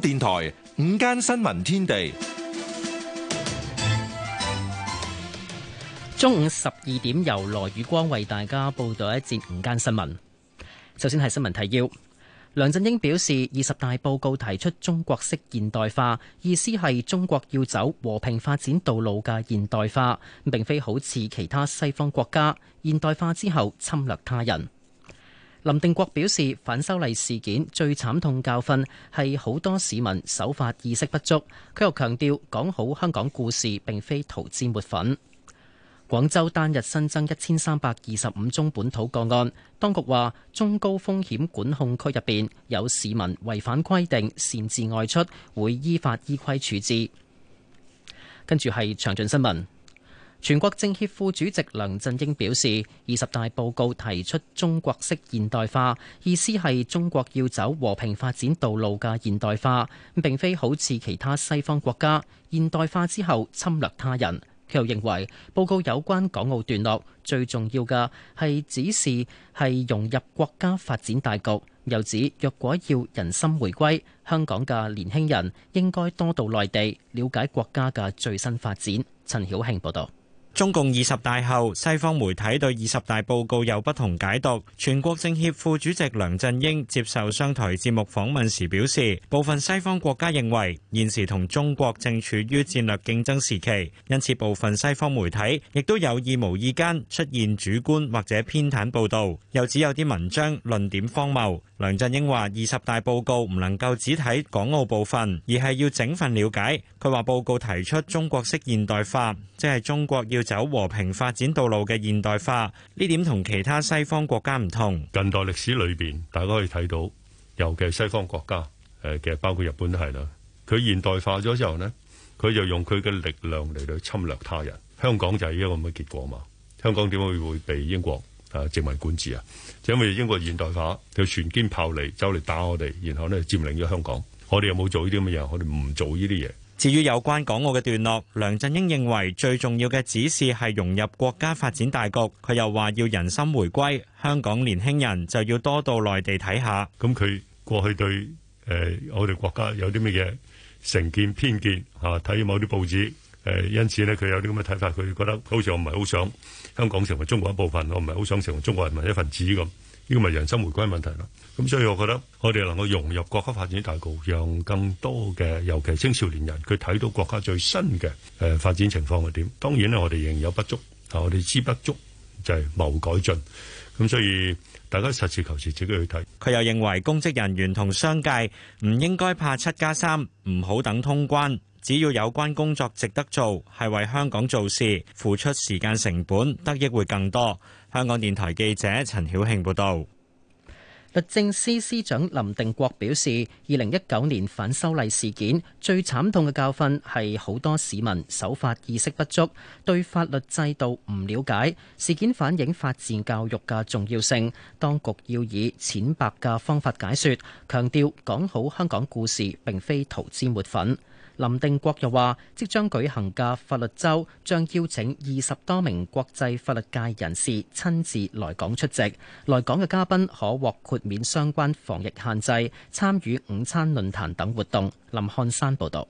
電台午間新聞天地，中午十二點由羅宇光為大家報道一節午間新聞。首先係新聞提要：梁振英表示，二十大報告提出中國式現代化，意思係中國要走和平發展道路嘅現代化，並非好似其他西方國家現代化之後侵略他人。林定國表示，反修例事件最慘痛教訓係好多市民守法意識不足。佢又強調，講好香港故事，並非塗脂抹粉。廣州單日新增一千三百二十五宗本土個案，當局話中高風險管控區入邊有市民違反規定擅自外出，會依法依規處置。跟住係詳盡新聞。全國政協副主席梁振英表示，二十大報告提出中國式現代化，意思係中國要走和平發展道路嘅現代化，咁並非好似其他西方國家現代化之後侵略他人。佢又認為報告有關港澳段落最重要嘅係指示係融入國家發展大局。又指若果要人心回歸，香港嘅年輕人應該多到內地了解國家嘅最新發展。陳曉慶報道。中共二十大後，西方媒體對二十大報告有不同解讀。全國政協副主席梁振英接受商台節目訪問時表示，部分西方國家認為現時同中國正處於戰略競爭時期，因此部分西方媒體亦都有意無意間出現主觀或者偏袒報導，又指有啲文章論點荒謬。梁振英話：二十大報告唔能夠只睇港澳部分，而係要整份了解。佢話報告提出中國式現代化，即係中國要走和平發展道路嘅現代化，呢點同其他西方國家唔同。近代歷史裏邊，大家可以睇到，尤其係西方國家，誒，其實包括日本都係啦。佢現代化咗之後呢，佢就用佢嘅力量嚟到侵略他人。香港就係一個咁嘅結果嘛。香港點解會會被英國？誒殖民管治啊！就因為英國現代化，佢船堅炮利走嚟打我哋，然後呢佔領咗香港。我哋又冇做呢啲咁嘅嘢，我哋唔做呢啲嘢。至於有關港澳嘅段落，梁振英認為最重要嘅指示係融入國家發展大局。佢又話要人心回歸，香港年輕人就要多到內地睇下。咁佢過去對誒我哋國家有啲乜嘢成見偏見吓？睇某啲報紙。誒，因此咧，佢有啲咁嘅睇法，佢覺得好似我唔係好想香港成為中國一部分，我唔係好想成為中國人民一份子咁，呢個咪人生回歸問題啦。咁所以，我覺得我哋能夠融入國家發展大局，讓更多嘅，尤其青少年人，佢睇到國家最新嘅誒發展情況係點。當然咧，我哋仍有不足，但我哋知不足就係謀改進。咁所以大家實事求是自己去睇。佢又認為公職人員同商界唔應該怕七加三，唔好等通關。只要有關工作值得做，係為香港做事，付出時間成本，得益會更多。香港電台記者陳曉慶報道，律政司司司長林定國表示，二零一九年反修例事件最慘痛嘅教訓係好多市民守法意識不足，對法律制度唔了解。事件反映法治教育嘅重要性，當局要以淺白嘅方法解説，強調講好香港故事並非塗脂抹粉。林定國又話，即將舉行嘅法律周將邀請二十多名國際法律界人士親自來港出席。來港嘅嘉賓可獲豁免相關防疫限制，參與午餐論壇等活動。林漢山報道。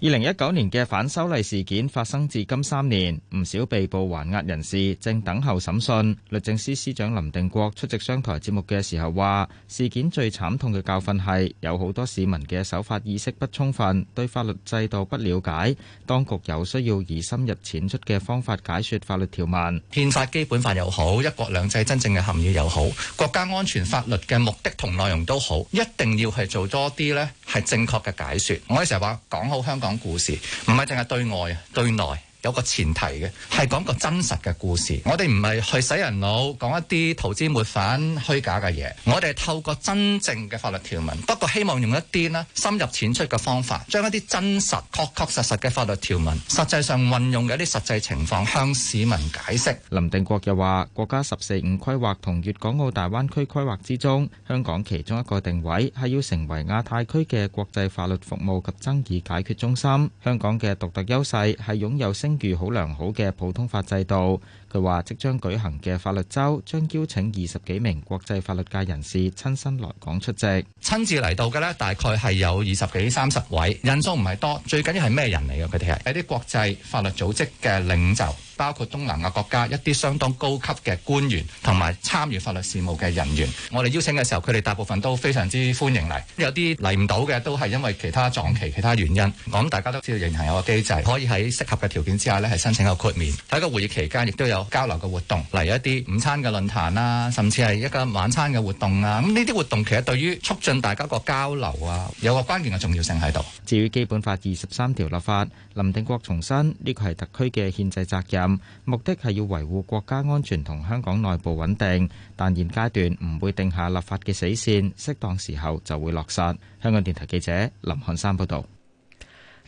二零一九年嘅反修例事件發生至今三年，唔少被捕還押人士正等候審訊。律政司司長林定國出席商台節目嘅時候話，事件最慘痛嘅教訓係有好多市民嘅守法意識不充分，對法律制度不了解。當局有需要以深入淺出嘅方法解說法律條文。憲法基本法又好，一國兩制真正嘅含義又好，國家安全法律嘅目的同內容都好，一定要係做多啲咧，係正確嘅解說。我哋成日話講好香港。講故事，唔係淨係對外，啊，對內。有個前提嘅，係講個真實嘅故事。我哋唔係去洗人腦講一啲投資沒反虛假嘅嘢，我哋透過真正嘅法律條文。不過希望用一啲咧深入淺出嘅方法，將一啲真實確確實實嘅法律條文，實際上運用嘅一啲實際情況向市民解釋。林定國又話：國家十四五規劃同粵港澳大灣區規劃之中，香港其中一個定位係要成為亞太區嘅國際法律服務及爭議解決中心。香港嘅獨特優勢係擁有據好良好嘅普通法制度，佢話即將舉行嘅法律周，將邀請二十幾名國際法律界人士親身嚟港出席，親自嚟到嘅呢，大概係有二十幾三十位，人數唔係多，最緊要係咩人嚟嘅？佢哋係一啲國際法律組織嘅領袖。包括東南亞國家一啲相當高級嘅官員同埋參與法律事務嘅人員，我哋邀請嘅時候，佢哋大部分都非常之歡迎嚟。有啲嚟唔到嘅，都係因為其他撞期其他原因。我諗大家都知道，仍然有個機制可以喺適合嘅條件之下咧，係申請個豁免。喺個會議期間，亦都有交流嘅活動，例如一啲午餐嘅論壇啦，甚至係一個晚餐嘅活動啊。咁呢啲活動其實對於促進大家個交流啊，有個關鍵嘅重要性喺度。至於基本法二十三條立法，林定國重申呢個係特區嘅憲制責任。目的係要維護國家安全同香港內部穩定，但現階段唔會定下立法嘅死線，適當時候就會落實。香港電台記者林漢山報道。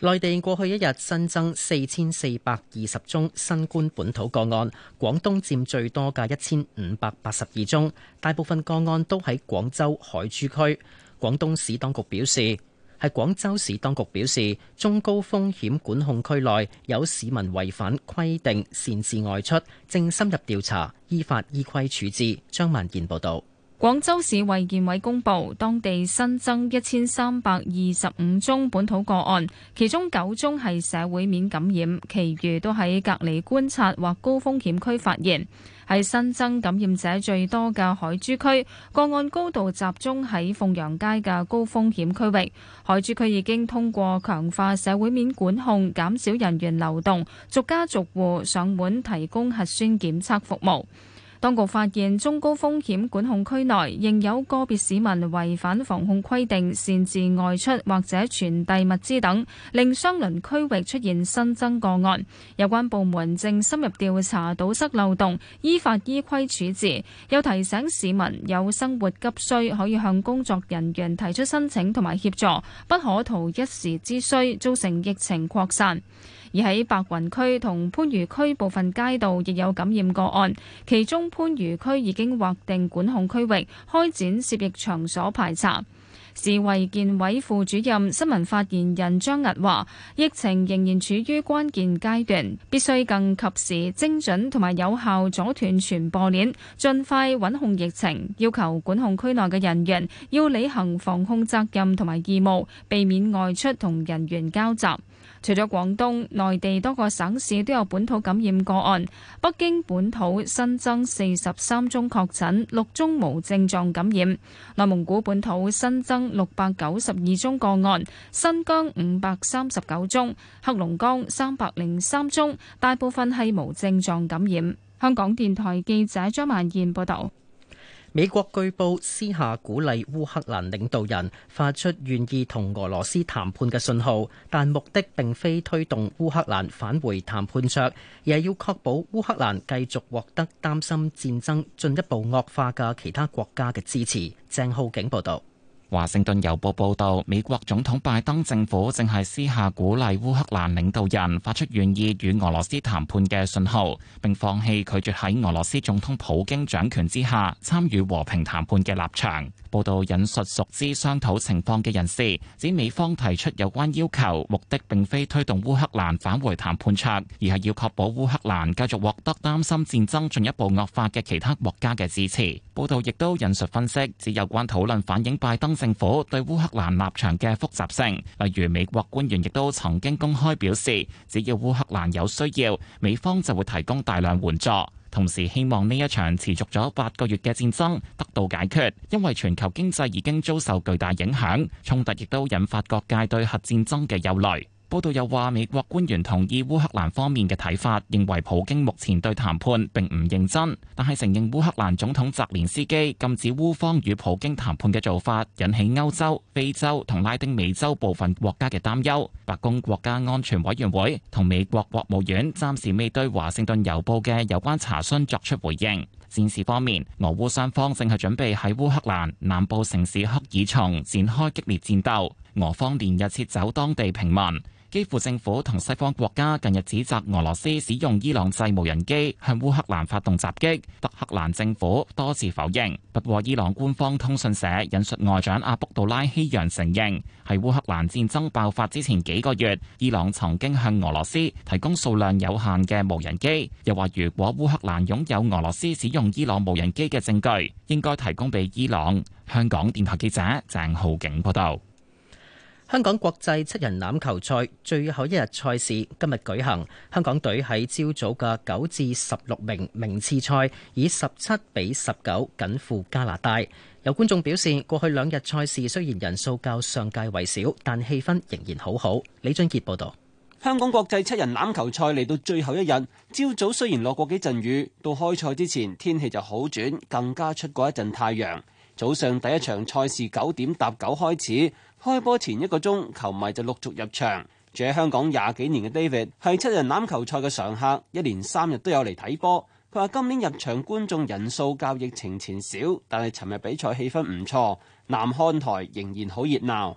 內地過去一日新增四千四百二十宗新冠本土個案，廣東佔最多嘅一千五百八十二宗，大部分個案都喺廣州海珠區。廣東市當局表示。係廣州市當局表示，中高風險管控區內有市民違反規定擅自外出，正深入調查，依法依規處置。張萬健報道，廣州市衛健委公布，當地新增一千三百二十五宗本土個案，其中九宗係社會面感染，其餘都喺隔離觀察或高風險區發現。係新增感染者最多嘅海珠區，個案高度集中喺鳳陽街嘅高風險區域。海珠區已經通過強化社會面管控，減少人員流動，逐家逐戶上門提供核酸檢測服務。當局發現中高風險管控區內仍有個別市民違反防控規定，擅自外出或者傳遞物資等，令相鄰區域出現新增個案。有關部門正深入調查堵塞漏洞，依法依規處置。又提醒市民有生活急需可以向工作人員提出申請同埋協助，不可圖一時之需造成疫情擴散。而喺白雲區同番禺區部分街道亦有感染個案，其中番禺區已經劃定管控區域，開展涉疫場所排查。市衛健委副主任、新聞發言人張屹話：疫情仍然處於關鍵階段，必須更及時、精準同埋有效阻斷傳播鏈，盡快穩控疫情。要求管控區內嘅人員要履行防控責任同埋義務，避免外出同人員交集。除咗廣東，內地多個省市都有本土感染個案。北京本土新增四十三宗確診，六宗無症狀感染。內蒙古本土新增六百九十二宗個案，新疆五百三十九宗，黑龍江三百零三宗，大部分係無症狀感染。香港電台記者張曼燕報道。美國據報私下鼓勵烏克蘭領導人發出願意同俄羅斯談判嘅信號，但目的並非推動烏克蘭返回談判桌，而係要確保烏克蘭繼續獲得擔心戰爭進一步惡化嘅其他國家嘅支持。鄭浩景報導。華盛頓郵報報道，美國總統拜登政府正係私下鼓勵烏克蘭領導人發出願意與俄羅斯談判嘅信號，並放棄拒絕喺俄羅斯總統普京掌權之下參與和平談判嘅立場。報道引述熟知商討情況嘅人士，指美方提出有關要求，目的並非推動烏克蘭返回談判桌，而係要確保烏克蘭繼續獲得擔心戰爭進一步惡化嘅其他國家嘅支持。報道亦都引述分析，指有關討論反映拜登政府對烏克蘭立場嘅複雜性，例如美國官員亦都曾經公開表示，只要烏克蘭有需要，美方就會提供大量援助，同時希望呢一場持續咗八個月嘅戰爭得到解決，因為全球經濟已經遭受巨大影響，衝突亦都引發各界對核戰爭嘅憂慮。報道又話，美國官員同意烏克蘭方面嘅睇法，認為普京目前對談判並唔認真，但係承認烏克蘭總統澤連斯基禁止烏方與普京談判嘅做法，引起歐洲、非洲同拉丁美洲部分國家嘅擔憂。白宮國家安全委員會同美國國務院暫時未對華盛頓郵報嘅有關查詢作出回應。戰事方面，俄烏雙方正係準備喺烏克蘭南部城市克爾松展開激烈戰鬥，俄方連日撤走當地平民。基輔政府同西方國家近日指責俄羅斯使用伊朗製無人機向烏克蘭發動襲擊，烏克蘭政府多次否認。不過，伊朗官方通訊社引述外長阿卜杜拉希揚承認，喺烏克蘭戰爭爆發之前幾個月，伊朗曾經向俄羅斯提供數量有限嘅無人機。又話，如果烏克蘭擁有俄羅斯使用伊朗無人機嘅證據，應該提供俾伊朗。香港電台記者鄭浩景報道。香港國際七人欖球賽最後一日賽事今日舉行，香港隊喺朝早嘅九至十六名名次賽以十七比十九僅負加拿大。有觀眾表示，過去兩日賽事雖然人數較上屆為少，但氣氛仍然好好。李俊傑報導，香港國際七人欖球賽嚟到最後一日，朝早雖然落過幾陣雨，到開賽之前天氣就好轉，更加出過一陣太陽。早上第一場賽事九點搭九開始，開波前一個鐘，球迷就陸續入場。住喺香港廿幾年嘅 David 係七人欖球賽嘅常客，一連三日都有嚟睇波。佢話今年入場觀眾人數較疫情前少，但係尋日比賽氣氛唔錯，南看台仍然好熱鬧。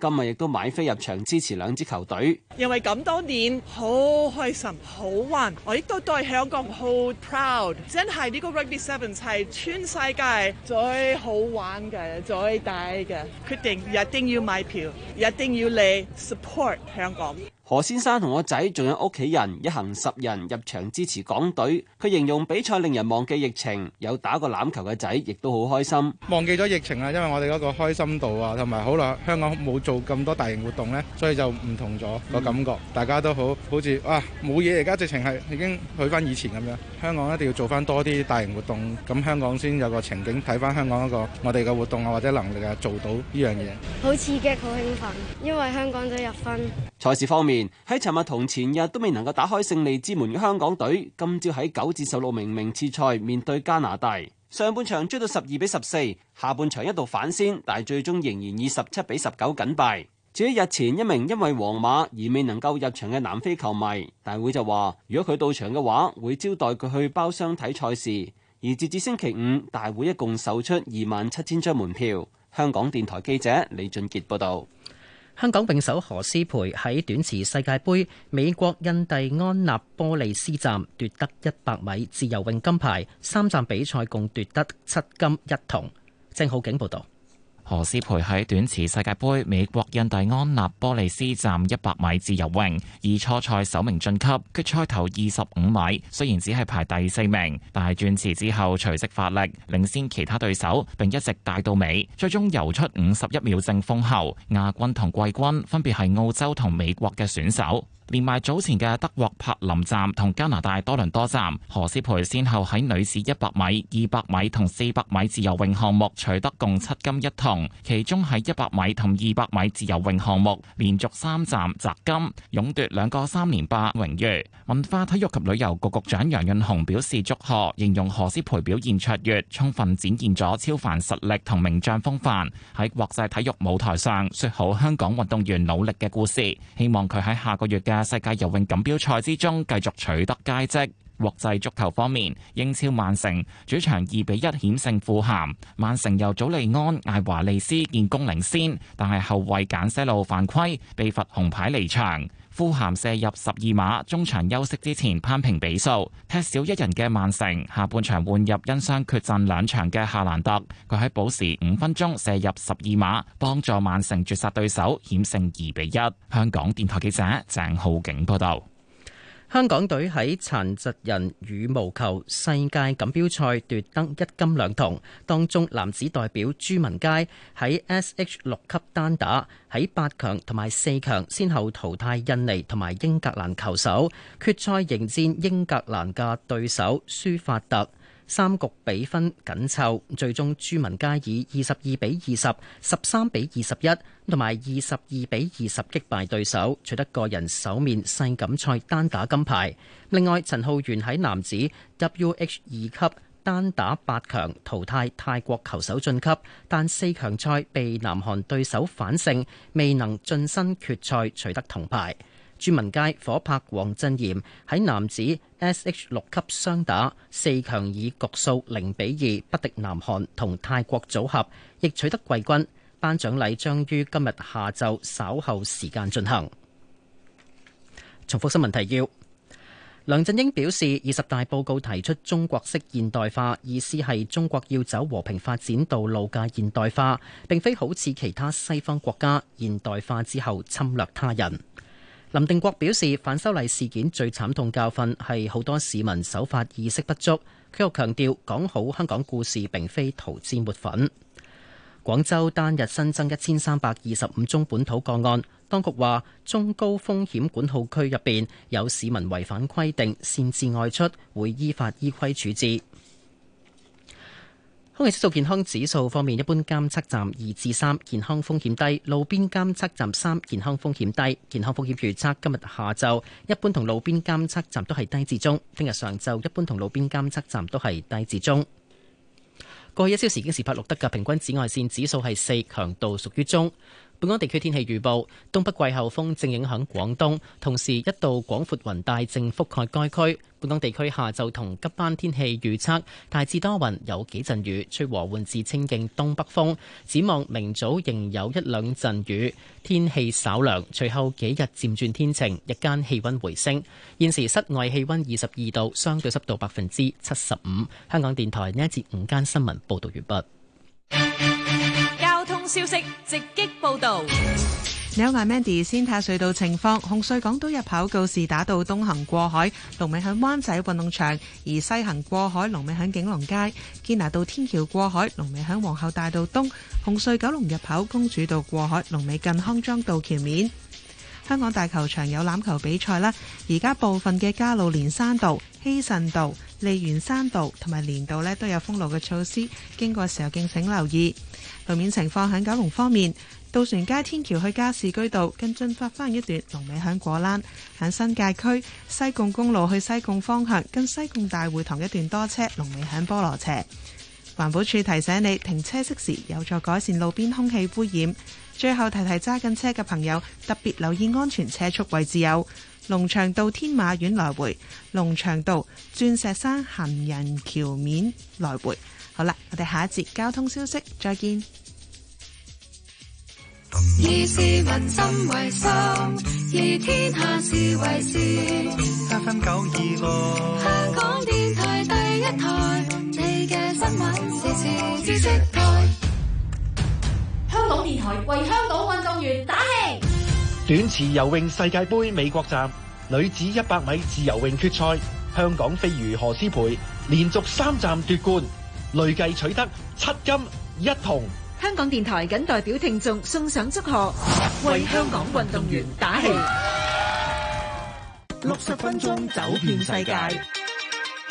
今日亦都買飛入場支持兩支球隊，因為咁多年好開心、好玩，我亦都對香港好 proud。真係呢個 rugby sevens 係全世界最好玩嘅、最大嘅，決定一定要買票，一定要嚟 support 香港。何先生同我仔，仲有屋企人一行十人入場支持港隊，佢形容比賽令人忘記疫情，有打過欖球嘅仔亦都好開心。忘記咗疫情啊，因為我哋嗰個開心度啊，同埋好耐香港冇做咁多大型活動咧，所以就唔同咗個感覺。嗯、大家都好，好似啊冇嘢而家直情係已經去翻以前咁樣。香港一定要做翻多啲大型活動，咁香港先有個情景睇翻香港嗰個我哋嘅活動啊，或者能力啊做到呢樣嘢。好刺激，好興奮，因為香港都入分。賽事方面，喺尋日同前日都未能夠打開勝利之門嘅香港隊，今朝喺九至十六名名次賽面對加拿大。上半場追到十二比十四，下半場一度反先，但係最終仍然以十七比十九僅敗。至於日前一名因為皇馬而未能夠入場嘅南非球迷，大會就話，如果佢到場嘅話，會招待佢去包廂睇賽事。而截至星期五，大會一共售出二萬七千張門票。香港電台記者李俊杰報道。香港泳手何詩蓓喺短池世界杯美國印第安納波利斯站奪得一百米自由泳金牌，三站比賽共奪得七金一銅。鄭浩景報道。何思培喺短池世界杯美國印第安納波利斯站一百米自由泳，以初賽首名晉級決賽，頭二十五米，雖然只係排第四名，但係轉池之後隨即發力，領先其他對手，並一直帶到尾，最終游出五十一秒正風後，亞軍同季軍分別係澳洲同美國嘅選手。連埋早前嘅德國柏林站同加拿大多倫多站，何詩蓓先後喺女子一百米、二百米同四百米自由泳項目取得共七金一銅，其中喺一百米同二百米自由泳項目連續三站摘金，勇奪兩個三連霸榮譽。文化體育及旅遊局局長楊潤雄表示祝賀，形容何詩蓓表現卓越，充分展現咗超凡實力同名將風範，喺國際體育舞台上說好香港運動員努力嘅故事。希望佢喺下個月嘅世界游泳錦標賽之中，繼續取得佳績。國際足球方面，英超曼城主場二比一險勝富咸。曼城由祖利安艾華利斯建功領先，但係後衛簡西路犯規被罰紅牌離場。富咸射入十二碼，中場休息之前扳平比數。踢少一人嘅曼城下半場換入因傷缺陣兩場嘅夏蘭特，佢喺補時五分鐘射入十二碼，幫助曼城絕殺對手，險勝二比一。香港電台記者鄭浩景報道。香港隊喺殘疾人羽毛球世界錦標賽奪得一金兩銅，當中男子代表朱文佳喺 SH 六級單打喺八強同埋四強先後淘汰印尼同埋英格蘭球手，決賽迎戰英格蘭嘅對手舒法特。三局比分緊湊，最終朱文佳以二十二比二十、十三比二十一同埋二十二比二十擊敗對手，取得個人首面世錦賽單打金牌。另外，陳浩源喺男子 w h 二級單打八強淘汰泰國球手晉級，但四強賽被南韓對手反勝，未能晉身決賽，取得銅牌。朱文佳、街火拍王振炎，喺男子 S H 六級雙打四強，以局數零比二不敵南韓同泰國組合，亦取得季軍。頒獎禮將於今日下晝稍後時間進行。重複新聞提要：梁振英表示，二十大報告提出中國式現代化意思係中國要走和平發展道路嘅現代化，並非好似其他西方國家現代化之後侵略他人。林定國表示，反修例事件最慘痛教訓係好多市民守法意識不足。佢又強調，講好香港故事並非塗脂抹粉。廣州單日新增一千三百二十五宗本土個案，當局話中高風險管控區入面有市民違反規定擅自外出，會依法依規處置。空氣指數健康指數方面，一般監測站二至三，健康風險低；路邊監測站三，健康風險低。健康風險預測，今日下晝一般同路邊監測站都係低至中，聽日上晝一般同路邊監測站都係低至中。過去一小時，經事拍錄得嘅平均紫外線指數係四，強度屬於中。本港地區天氣預報，東北季候風正影響廣東，同時一道廣闊雲帶正覆蓋該區，本港地區下晝同急班天氣預測大致多雲有幾陣雨，吹和緩至清勁東北風，展望明早仍有一兩陣雨，天氣稍涼，隨後幾日漸轉天晴，日間氣溫回升。現時室外氣溫二十二度，相對濕度百分之七十五。香港電台呢一節午間新聞報道完畢。消息直擊報道，你好啊，Mandy。Andy, 先睇隧道情況，紅隧港島入口告士打道東行過海，龍尾響灣仔運動場；而西行過海，龍尾響景隆街。堅拿道天橋過海，龍尾響皇后大道東。紅隧九龍入口公主道過海，龍尾近康莊道橋面。香港大球場有籃球比賽啦，而家部分嘅加路連山道、希慎道、利園山道同埋連道咧都有封路嘅措施，經過時候敬請留意路面情況。喺九龍方面，渡船街天橋去加士居道跟進發翻一段龍尾響果欄；喺新界區西貢公路去西貢方向，跟西貢大會堂一段多車，龍尾響菠蘿斜。環保署提醒你，停車熄匙有助改善路邊空氣污染。最後提提揸緊車嘅朋友，特別留意安全車速位置。有龍翔道天馬苑來回、龍翔道鑽石山行人橋面來回。好啦，我哋下一節交通消息再見。以市民心為心，以天下事為事。八分九二六，香港電台第一台，你嘅新聞時事知識台。香港電台為香港運動員打氣。短池游泳世界杯美國站女子一百米自由泳決賽，香港飛魚何詩蓓連續三站奪冠，累計取得七金一銅。香港電台謹代表聽眾送上祝賀，為香港運動員打氣。六十分鐘走遍世界。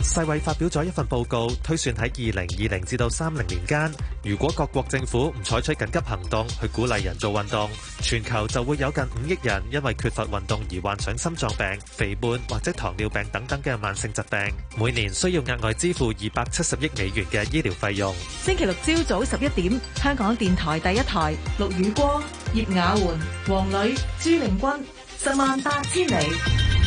世衛發表咗一份報告，推算喺二零二零至到三零年間，如果各國政府唔採取緊急行動去鼓勵人做運動，全球就會有近五億人因為缺乏運動而患上心臟病、肥胖或者糖尿病等等嘅慢性疾病，每年需要額外支付二百七十億美元嘅醫療費用。星期六朝早十一點，香港電台第一台，陸雨光、葉雅媛、黃磊，朱玲君，十萬八千里。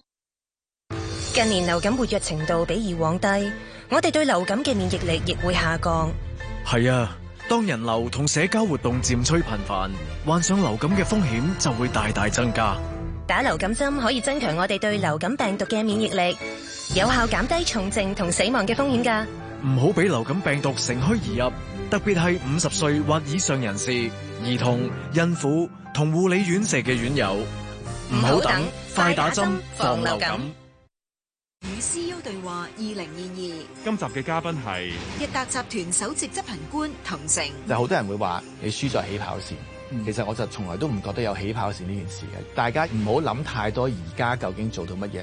近年流感活躍程度比以往低，我哋對流感嘅免疫力亦會下降。係啊，當人流同社交活動漸趨頻繁，患上流感嘅風險就會大大增加。打流感針可以增強我哋對流感病毒嘅免疫力，有效減低重症同死亡嘅風險噶。唔好俾流感病毒乘虛而入，特別係五十歲或以上人士、兒童、孕婦同護理院舍嘅院友。唔好等，快打針，防流感。與 CEO 對話二零二二，今集嘅嘉賓係日達集團首席執行官滕城， 就好多人會話你輸在起跑線，其實我就從來都唔覺得有起跑線呢件事嘅。大家唔好諗太多，而家究竟做到乜嘢？